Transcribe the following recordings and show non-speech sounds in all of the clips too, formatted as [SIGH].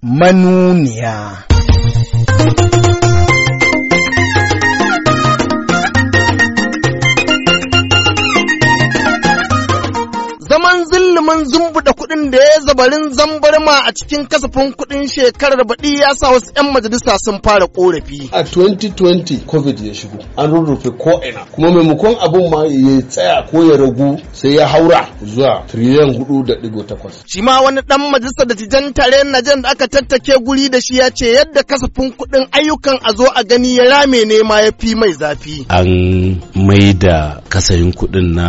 manuniya. Zaman zilliman zumbuɗa kuɗin da ya zabarin zambarma a cikin kasafin kuɗin shekarar baɗi ya sa wasu 'yan majalisa sun fara ƙorafi. A 2020 COVID ya shigo an rurrufe ko ina kuma maimakon abin ma ya tsaya ko ya ragu sai ya haura zuwa triliyan hudu da ɗigo takwas. Shi ma wani ɗan majalisa da tijan tare na jan da aka tattake guri da shi ya ce yadda kasafin kuɗin ayyukan a zo a gani ya rame ne ma ya fi mai zafi. An mai da kasayin kuɗin na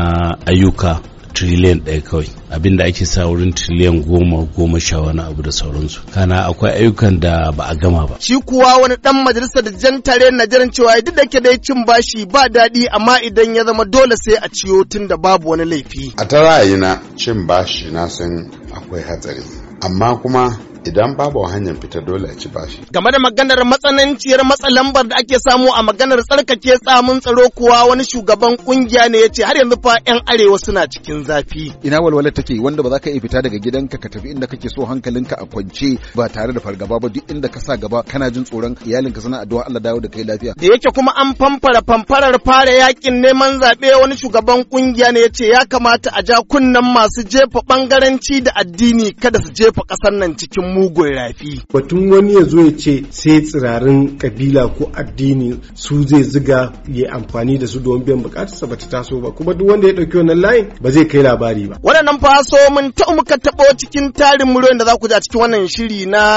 ayyuka Trillion ɗaya kawai abin da ake sa wurin trillion goma goma sha wani abu da sauransu kana akwai ayyukan da ba a gama ba shi kuwa wani dan majalisar da jan tare na jiran cewa duk da ke dai cin bashi ba daɗi amma idan ya zama dole sai a ciyo tun da babu wani laifi a ta ra'ayina cin bashi na san akwai hatsari amma kuma idan babu hanyar fita dole a ci bashi. Game da maganar matsananciyar matsalambar da ake samu a maganar tsarkake tsamun tsaro kuwa wani shugaban kungiya ne ya ce har yanzu fa 'yan arewa suna cikin zafi. Ina walwalar take wanda ba za ka iya fita daga gidanka ka tafi inda kake so hankalinka a kwance ba tare da fargaba ba duk inda ka sa gaba kana jin tsoron iyalinka suna addu'a Allah dawo da kai lafiya. Da yake kuma an famfara famfarar fara yakin neman zaɓe wani shugaban kungiya ne ya ce ya kamata a ja kunnen masu jefa bangaranci da addini kada su je jefa ƙasar nan cikin mugun rafi. Batun wani ya zo ya ce sai tsirarin kabila ko addini su zai ziga ya amfani da su domin biyan bukatarsa ba ta taso ba kuma duk wanda ya ɗauki wannan layin ba zai kai labari ba. Waɗannan faso mun ta muka taɓo cikin tarin muryoyin da za ku ji a cikin wannan shiri na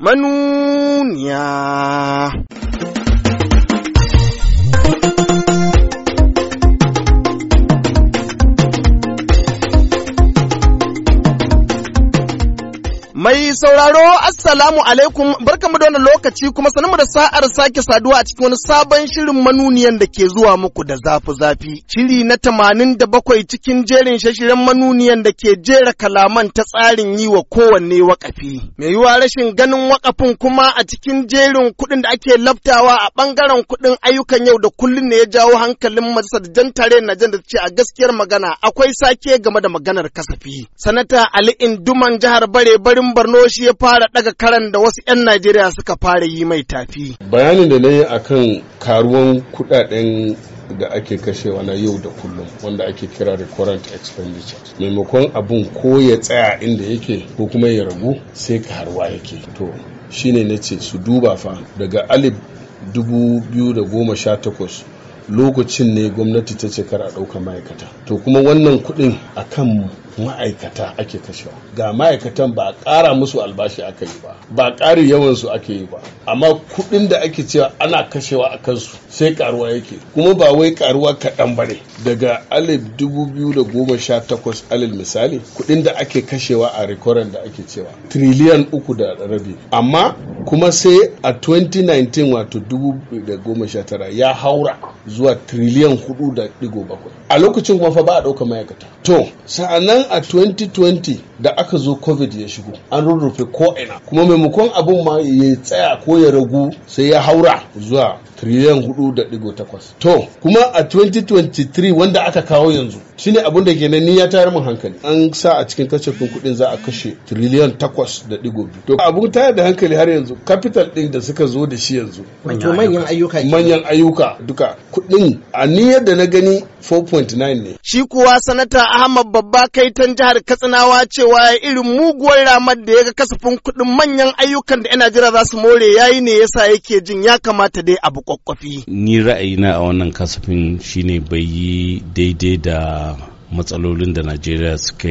manuniya. Mai sauraro Assalamu alaikum barkamu da wannan lokaci kuma sanmu da sa'ar sake saduwa a cikin wani sabon shirin manuniyan da ke zuwa muku da zafi-zafi. Shiri na tamanin da bakwai cikin jerin shashiren manuniyan da ke jera kalaman ta tsarin yi wa kowanne wakafi. Mai yiwa rashin ganin wakafin kuma a cikin jerin kuɗin da ake laftawa a ɓangaren kuɗin ayyukan yau da kullum ne ya jawo hankalin majalisar jan tare na jan da ce a gaskiyar magana akwai sake game da maganar kasafi. Sanata Ali Induman jihar Bare Barin Borno shi ya fara daga karan da wasu 'yan Najeriya suka fara yi mai tafi. Bayanin da na yi a kan karuwan kudaden da ake kashewa na yau da kullum wanda ake kira recurrent expenditures maimakon abun ko ya tsaya inda yake ko kuma ya ragu sai karuwa yake to shine na ce su duba fa daga alif dubu biyu da goma sha 2018 lokacin ne gwamnati ta ce kar a ɗauka ma'aikata to kuma wannan kuɗin akan ma'aikata ake kashewa ga ma'aikatan ba a ƙara musu albashi aka yi ba ba ƙari yawan su ake yi ba amma kuɗin da ake cewa ana kashewa a kansu sai karuwa yake kuma ba wai karuwa kaɗan ba ne daga alif dubu biyu da goma sha takwas alil misali kuɗin da ake kashewa a rikoran da ake cewa triliyan uku da rabi amma kuma sai a 2019 wato dubu da goma sha tara ya haura zuwa triliyan hudu da digo bakwai a lokacin kuma fa ba a ɗauka ma'aikata to sa'annan nan a 2020 da aka zo covid ya shigo an rurrufe ko'ina kuma maimakon abun ma ya tsaya ko ya ragu sai ya haura zuwa triliyan hudu da to kuma a 2023 wanda aka kawo yanzu shine abin da ke na ni ya tayar min hankali an sa a cikin kashefin kudin za a kashe triliyan takwas da to abin tayar da hankali har yanzu capital din da suka zo da shi yanzu manyan ayyuka manyan ayyuka duka kuɗin a niyyar da na gani 4.9 ne. Shi kuwa sanata Ahmad Babba tan jihar Katsinawa cewa irin muguwar ramar da ya ga kasafin kuɗin manyan ayyukan da 'yan Najeriya za su more yayi ne yasa yake jin ya kamata dai abu kwakwafi. Ni ra'ayina a wannan kasafin shine bai yi daidai da matsalolin da Najeriya suka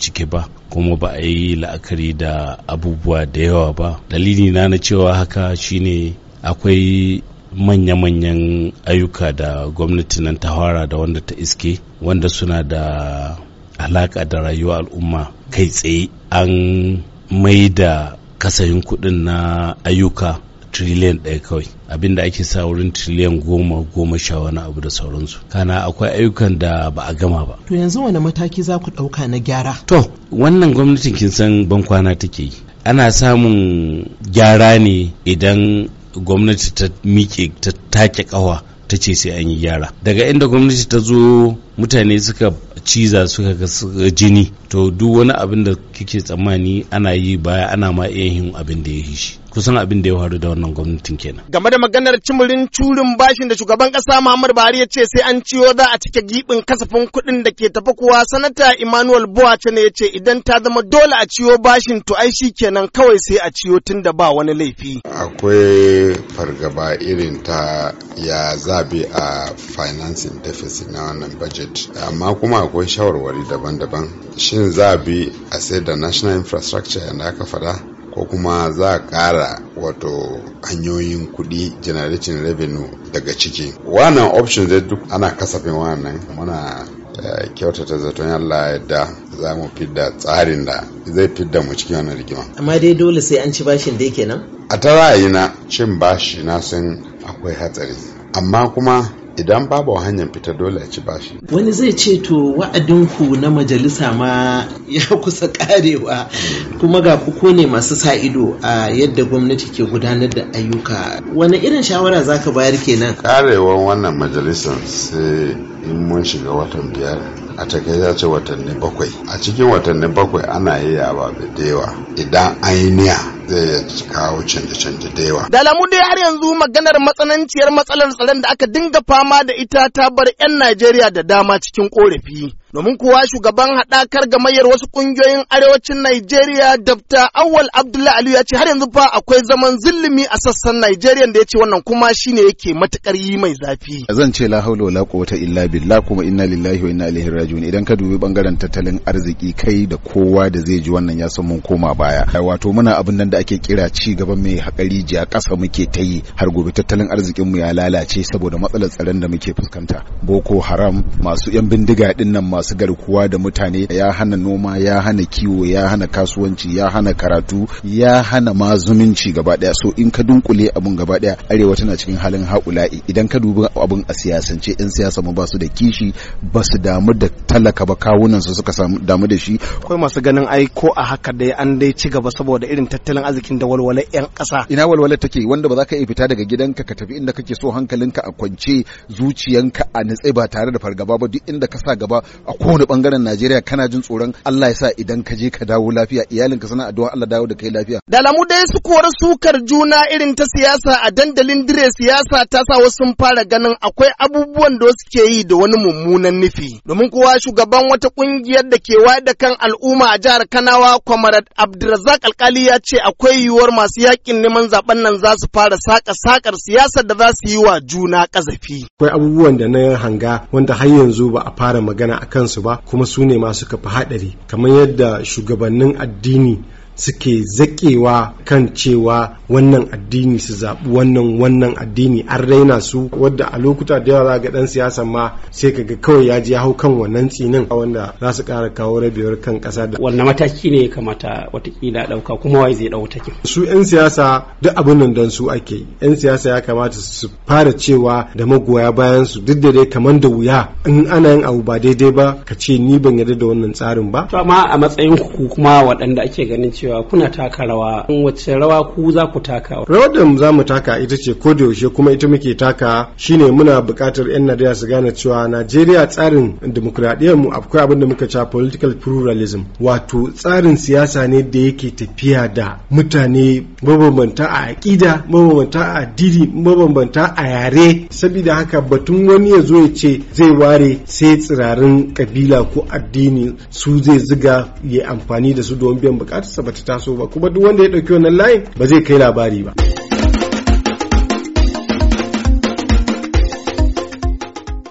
cike ba kuma ba a yi la'akari da abubuwa da yawa ba. Dalili na na cewa haka shine akwai manya-manyan ayyuka da gwamnati nan ta fara da wanda ta iske wanda suna da alaƙa da rayuwa al'umma kai tsaye an mai da kasayin kuɗin na ayyuka triliyan ɗaya kawai abinda ake sa wurin triliyan goma goma sha wani abu da sauransu kana akwai ayyukan da ba a gama ba to yanzu wani mataki za ku ɗauka na gyara to wannan gwamnatin kin san bankwana take yi ana samun gyara ne idan gwamnati ta miƙe ta take ƙawa ta ce sai an yi gyara daga inda gwamnati ta zo mutane suka ciza suka ga jini to duk wani abin da kike tsammani ana yi baya ana ma iya yin abin da ya yi shi kusan abin da ya faru da wannan gwamnatin kenan game da maganar cimurin curin bashin da shugaban kasa Muhammadu Buhari ya ce sai an ciwo za a cike gibin kasafin kuɗin da ke tafi kuwa sanata Emmanuel Buwace ne ya ce idan ta zama dole a ciyo bashin to ai shi kenan kawai sai a ciyo tun da ba wani laifi akwai fargaba irin ta ya zabe a financing deficit na wannan budget amma kuma akwai shawarwari daban-daban shin zabi a sai da national infrastructure yadda aka faɗa? ko kuma za a ƙara wato hanyoyin kuɗi generating revenue daga ciki wannan option zai duk ana kasafin wannan muna eh, kyautata zaton Allah yadda za mu fidda tsarin da zai fidda mu cikin wannan rigima. Amma dai dole sai an ci bashin da yake nan A ta ra'ayina cin bashi na san akwai hatsari. Amma kuma idan babu hanyar fita dole a ci bashi. Wani zai ce to wa'adinku na majalisa ma ya [LAUGHS] kusa karewa hmm. kuma ga kuko ne masu sa ido a yadda gwamnati ke gudanar da ayyuka. Wani irin shawara za ka bayar kenan? Karewar wannan majalisar sai in mun shiga watan biyar a ya ce watanni bakwai a cikin watanni bakwai ana yi yaba da dewa idan an yi niya zai kawo canje-canje da yawa. Da alamu dai har yanzu maganar matsananciyar matsalar tsaron da aka dinga fama da ita ta bar 'yan Najeriya da dama cikin korafi. domin kuwa shugaban haɗakar gamayyar wasu ƙungiyoyin arewacin Najeriya Dr. Awal Abdullahi Aliyu ya ce har yanzu fa akwai zaman zillimi a sassan Najeriya da ya ce wannan kuma shine yake matukar yi mai zafi. Zan ce la haula wala quwwata illa billah kuma inna lillahi wa inna ilaihi raji'un idan ka dubi bangaren tattalin arziki kai da kowa da zai ji wannan ya san mun koma baya. Wato muna abin nan da ake kira ci gaban mai hakari jiya ƙasa muke ta yi har gobe tattalin arzikin mu ya lalace saboda matsalar tsaron da muke fuskanta. Boko Haram masu yan bindiga din nan masu garkuwa da mutane ya hana noma ya hana kiwo ya hana kasuwanci ya hana karatu ya hana ma zumunci gaba daya so in ka dunkule abun gaba daya arewa tana cikin halin haƙula'i idan ka dubi abun a siyasance yan siyasa mu ba su da kishi ba su damu da talaka ba kawunan su suka samu damu da shi akwai masu ganin ai ko a haka dai an dai ci gaba saboda irin tattalin arzikin da walwalar yan kasa. ina walwalar take wanda ba za ka iya fita daga gidanka ka tafi inda kake so hankalinka a kwance zuciyanka a nitse ba tare da fargaba ba duk inda ka sa gaba a kowane bangaren Najeriya kana jin tsoron Allah ya sa idan ka je ka dawo lafiya iyalinka sana addu'a Allah dawo da kai lafiya. Da lamu dai su kuwar sukar juna irin ta siyasa a dandalin dire siyasa ta sa wasu sun fara ganin akwai abubuwan da wasu ke yi da wani mummunan nufi. Domin kowa shugaban wata kungiyar da ke wayar da kan al'umma a jihar Kanawa Comrade Abdulrazak Alkali ya ce akwai yiwuwar masu yakin neman zaben nan za su fara saka sakar siyasar da za su yi wa juna kazafi. Akwai abubuwan da na hanga wanda har yanzu ba a fara magana akan kansu ba kuma su ne masu kafa fi haɗari kamar yadda shugabannin addini suke zakewa kan cewa wannan addini su zaɓi wannan wannan addini an raina su wadda a lokuta da yawa ga dan siyasa ma sai ka ga kawai ya ji ya hau kan wannan tsinin wanda za su ƙara kawo rabewar kan ƙasa da wannan mataki ne kamata watakila ɗauka kuma wai zai ɗau take su 'yan siyasa duk abin nan don su ake yi 'yan siyasa ya kamata su fara cewa da magoya bayan su duk da dai kamar da wuya in ana yin abu ba daidai ba ka ce ni ban yarda da wannan tsarin ba to amma a matsayin ku kuma waɗanda ake ganin cewa kuna taka rawa wace rawa ku za ku taka rawar da za mu taka ita ce ko da yaushe kuma ita muke taka shine muna buƙatar yan Najeriya su gane cewa Najeriya tsarin dimokuraɗiyyar mu akwai abin da muka cewa political pluralism wato tsarin siyasa ne da yake tafiya da mutane mabambanta a aƙida mabambanta a addini mabambanta a yare saboda haka batun wani ya zo ya ce zai ware sai tsirarin kabila ko addini su zai ziga ya amfani da su don biyan bukatarsa ba bata taso ba kuma duk wanda ya ɗauki wannan layin ba zai kai labari ba.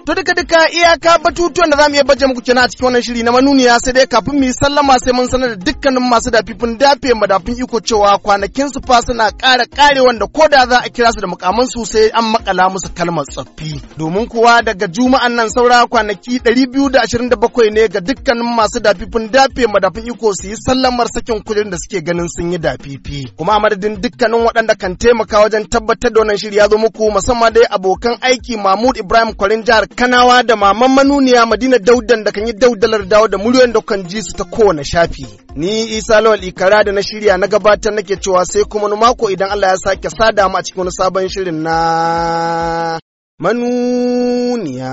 To duka duka iyaka batutuwan da zamu iya baje muku kenan a cikin wannan shiri na manuniya sai dai kafin mu yi sallama sai mun sanar da dukkanin masu dafifin dafe madafin iko cewa kwanakin su fa suna ƙara ƙare wanda ko da za a kira su da mukaman su sai an makala musu kalmar tsaffi. Domin kuwa daga juma'an nan saura kwanaki 227 ne ga dukkanin masu dafifin dafe madafin iko su yi sallamar sakin kudin da suke ganin sun yi dafifi. Kuma a dukkanin waɗanda kan taimaka wajen tabbatar da wannan shiri ya zo muku musamman dai abokan aiki Mahmud Ibrahim Kwarin jihar kanawa da maman manuniya madina daudan da kan yi daudalar dawo da muryoyin da kan ji su ta kowane shafi ni isa lawal ikara da na shirya na gabatar nake cewa sai kuma wani mako idan allah ya sake sada mu a cikin wani sabon shirin na manuniya